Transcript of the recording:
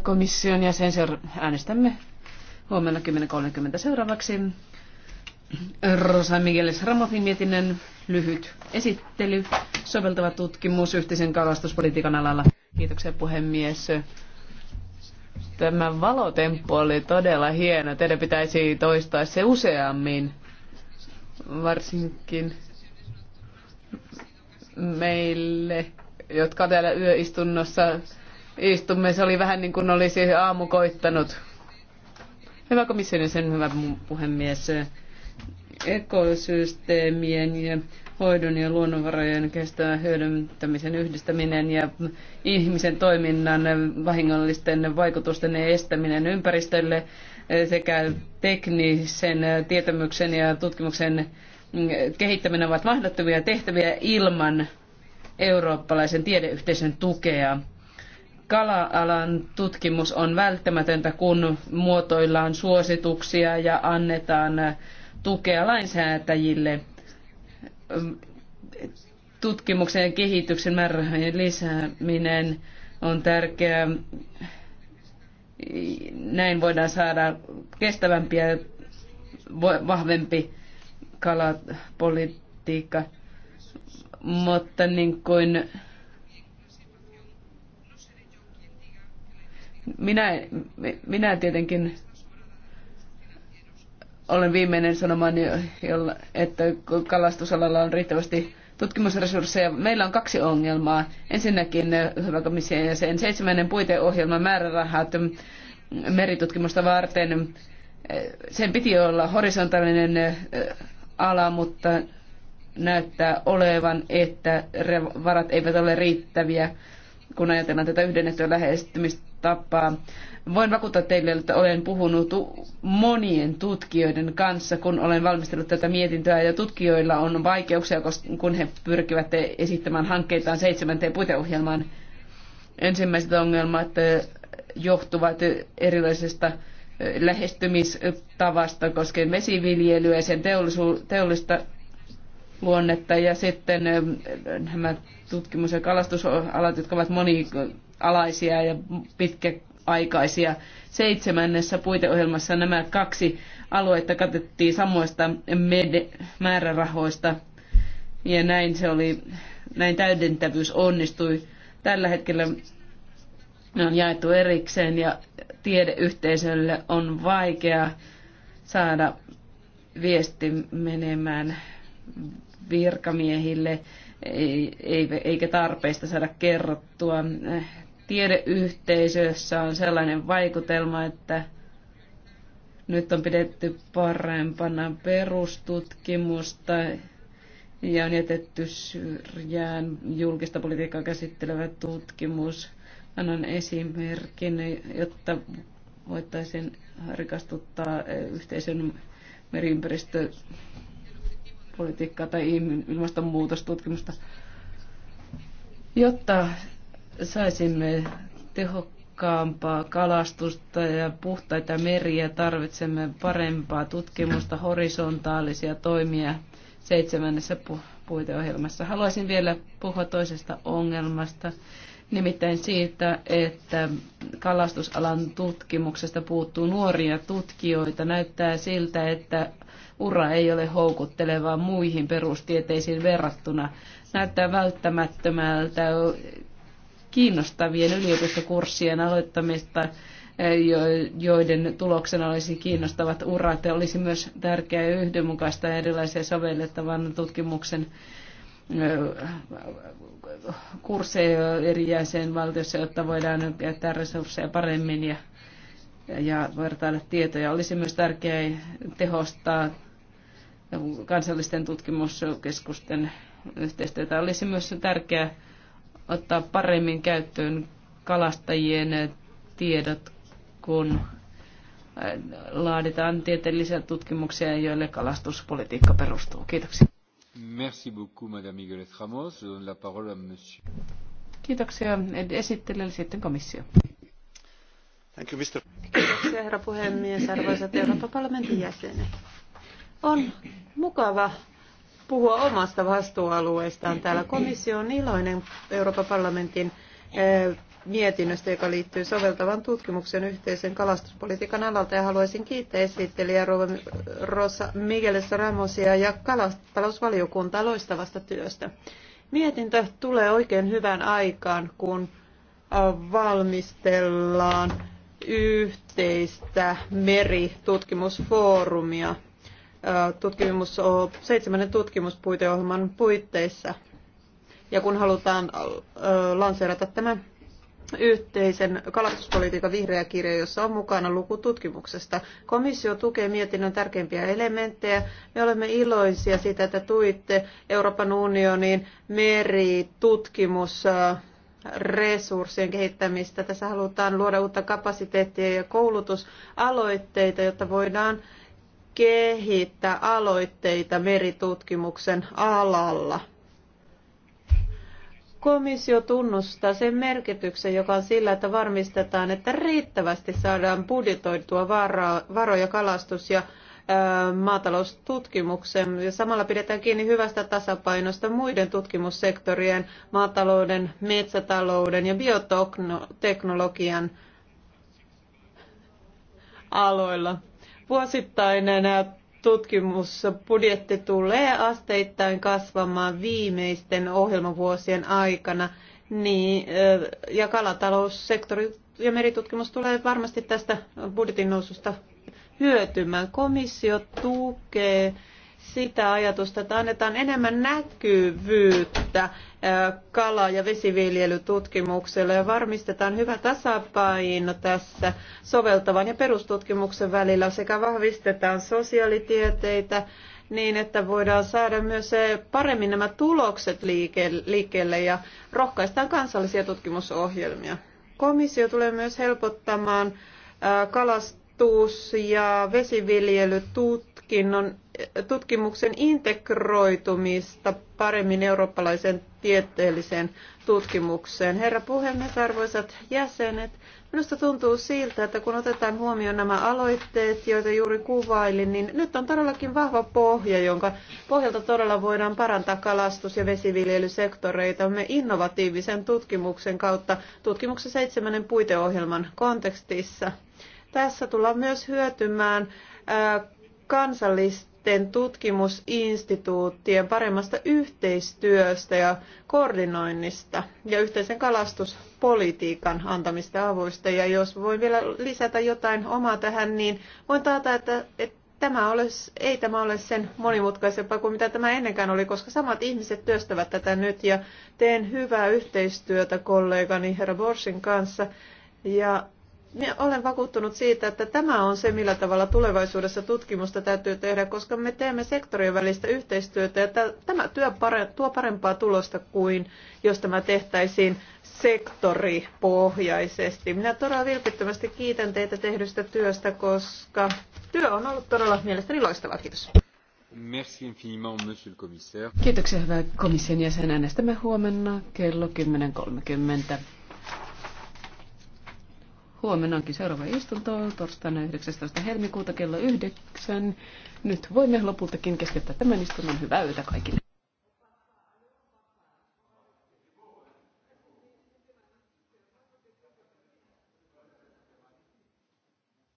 komission ja sen seura- äänestämme huomenna 10.30 seuraavaksi. Rosa Migueles Ramofin mietinnön lyhyt esittely, soveltava tutkimus yhteisen kalastuspolitiikan alalla. Kiitoksia puhemies. Tämä valotemppu oli todella hieno. Teidän pitäisi toistaa se useammin, varsinkin meille, jotka täällä yöistunnossa istumme. Se oli vähän niin kuin olisi aamu koittanut. Hyvä komission sen hyvä puhemies. Ekosysteemien ja hoidon ja luonnonvarojen kestävän hyödyntämisen yhdistäminen ja ihmisen toiminnan vahingollisten vaikutusten estäminen ympäristölle sekä teknisen tietämyksen ja tutkimuksen kehittäminen ovat mahdottomia tehtäviä ilman eurooppalaisen tiedeyhteisön tukea kala-alan tutkimus on välttämätöntä, kun muotoillaan suosituksia ja annetaan tukea lainsäätäjille. Tutkimuksen ja kehityksen määrärahojen lisääminen on tärkeää. Näin voidaan saada kestävämpi ja vahvempi kalapolitiikka. Mutta niin kuin Minä, minä tietenkin olen viimeinen sanomaan, että kalastusalalla on riittävästi tutkimusresursseja. Meillä on kaksi ongelmaa. Ensinnäkin, hyvä komissio ja sen seitsemännen puiteohjelman määrärahat meritutkimusta varten. Sen piti olla horisontaalinen ala, mutta näyttää olevan, että varat eivät ole riittäviä, kun ajatellaan tätä yhdennettyä lähestymistä tapaa. Voin vakuuttaa teille, että olen puhunut monien tutkijoiden kanssa, kun olen valmistellut tätä mietintöä, ja tutkijoilla on vaikeuksia, kun he pyrkivät esittämään hankkeitaan seitsemänteen puiteohjelmaan. Ensimmäiset ongelmat eh, johtuvat erilaisesta eh, lähestymistavasta koskien vesiviljelyä ja sen teollista luonnetta ja sitten eh, nämä tutkimus- ja kalastusalat, jotka ovat moni, alaisia ja pitkäaikaisia. Seitsemännessä puiteohjelmassa nämä kaksi aluetta katettiin samoista määrärahoista ja näin se oli, näin täydentävyys onnistui. Tällä hetkellä ne on jaettu erikseen ja tiedeyhteisölle on vaikea saada viesti menemään virkamiehille eikä tarpeista saada kerrottua tiedeyhteisössä on sellainen vaikutelma, että nyt on pidetty parempana perustutkimusta ja on jätetty syrjään julkista politiikkaa käsittelevä tutkimus. Annan esimerkin, jotta voitaisiin rikastuttaa eh, yhteisön meriympäristöpolitiikkaa tai ilmastonmuutostutkimusta. Jotta saisimme tehokkaampaa kalastusta ja puhtaita meriä, tarvitsemme parempaa tutkimusta, horisontaalisia toimia seitsemännessä pu- puiteohjelmassa. Haluaisin vielä puhua toisesta ongelmasta, nimittäin siitä, että kalastusalan tutkimuksesta puuttuu nuoria tutkijoita. Näyttää siltä, että ura ei ole houkuttelevaa muihin perustieteisiin verrattuna. Näyttää välttämättömältä kiinnostavien yliopistokurssien aloittamista, eh, joiden tuloksena olisi kiinnostavat urat. Olisi myös tärkeää yhdenmukaista erilaisia sovellettavan tutkimuksen eh, kursseja eri jäsenvaltioissa, jotta voidaan käyttää resursseja paremmin ja, ja vertailla tietoja. Olisi myös tärkeää tehostaa kansallisten tutkimuskeskusten yhteistyötä. Olisi myös tärkeää ottaa paremmin käyttöön kalastajien tiedot, kun äh, laaditaan tieteellisiä tutkimuksia, joille kalastuspolitiikka perustuu. Kiitoksia. Merci beaucoup, Madame Miguelet Ramos. Je donne la parole à Monsieur. Kiitoksia esittelijälle sitten komissio. Thank you, Mr. Kiitoksia, herra puhemies, arvoisat Euroopan parlamentin jäsenet. On mukava puhua omasta vastuualueestaan täällä. Komissio on iloinen Euroopan parlamentin eh, mietinnöstä, joka liittyy soveltavan tutkimuksen yhteisen kalastuspolitiikan alalta. Ja haluaisin kiittää esittelijä Rosa Migueles Ramosia ja kalastalousvaliokuntaa loistavasta työstä. Mietintö tulee oikein hyvään aikaan, kun eh, valmistellaan yhteistä meritutkimusfoorumia tutkimus, seitsemännen tutkimuspuiteohjelman puitteissa. Ja kun halutaan lanseerata tämä yhteisen kalastuspolitiikan vihreä kirja, jossa on mukana luku tutkimuksesta. Komissio tukee mietinnön tärkeimpiä elementtejä. Me olemme iloisia siitä, että tuitte Euroopan unionin meritutkimus resurssien kehittämistä. Tässä halutaan luoda uutta kapasiteettia ja koulutusaloitteita, jotta voidaan kehittää aloitteita meritutkimuksen alalla. Komissio tunnustaa sen merkityksen, joka on sillä, että varmistetaan, että riittävästi saadaan budjetoitua varoja kalastus- ja maataloustutkimukseen ja samalla pidetään kiinni hyvästä tasapainosta muiden tutkimussektorien, maatalouden, metsätalouden ja bioteknologian aloilla. Vuosittainen tutkimusbudjetti tulee asteittain kasvamaan viimeisten ohjelmavuosien aikana, niin, ja kalataloussektori ja meritutkimus tulee varmasti tästä budjetin noususta hyötymään. Komissio tukee sitä ajatusta, että annetaan enemmän näkyvyyttä kala- ja vesiviljelytutkimukselle ja varmistetaan hyvä tasapaino tässä soveltavan ja perustutkimuksen välillä sekä vahvistetaan sosiaalitieteitä niin, että voidaan saada myös paremmin nämä tulokset liikkeelle ja rohkaistaan kansallisia tutkimusohjelmia. Komissio tulee myös helpottamaan kalastus- ja vesiviljelytutkinnon tutkimuksen integroitumista paremmin eurooppalaisen tieteelliseen tutkimukseen. Herra puhemies, arvoisat jäsenet, minusta tuntuu siltä, että kun otetaan huomioon nämä aloitteet, joita juuri kuvailin, niin nyt on todellakin vahva pohja, jonka pohjalta todella voidaan parantaa kalastus- ja vesiviljelysektoreita. Me innovatiivisen tutkimuksen kautta tutkimuksen seitsemännen puiteohjelman kontekstissa. Tässä tullaan myös hyötymään kansallista sitten tutkimusinstituuttien paremmasta yhteistyöstä ja koordinoinnista ja yhteisen kalastuspolitiikan antamista avuista. Ja jos voin vielä lisätä jotain omaa tähän, niin voin taata, että, että tämä olisi, ei tämä ole sen monimutkaisempaa kuin mitä tämä ennenkään oli, koska samat ihmiset työstävät tätä nyt ja teen hyvää yhteistyötä kollegani herra Borsin kanssa. Ja minä olen vakuuttunut siitä, että tämä on se, millä tavalla tulevaisuudessa tutkimusta täytyy tehdä, koska me teemme sektorien välistä yhteistyötä ja tämä työ tuo parempaa tulosta kuin jos tämä tehtäisiin sektoripohjaisesti. Minä todella vilpittömästi kiitän teitä tehdystä työstä, koska työ on ollut todella mielestäni loistavaa. Kiitos. Merci infiniment, monsieur le commissaire. Kiitoksia, hyvä komission jäsen. Äänestämme huomenna kello 10.30. Huomenna onkin seuraava istunto torstaina 19. helmikuuta kello 9. Nyt voimme lopultakin keskeyttää tämän istunnon. Hyvää yötä kaikille.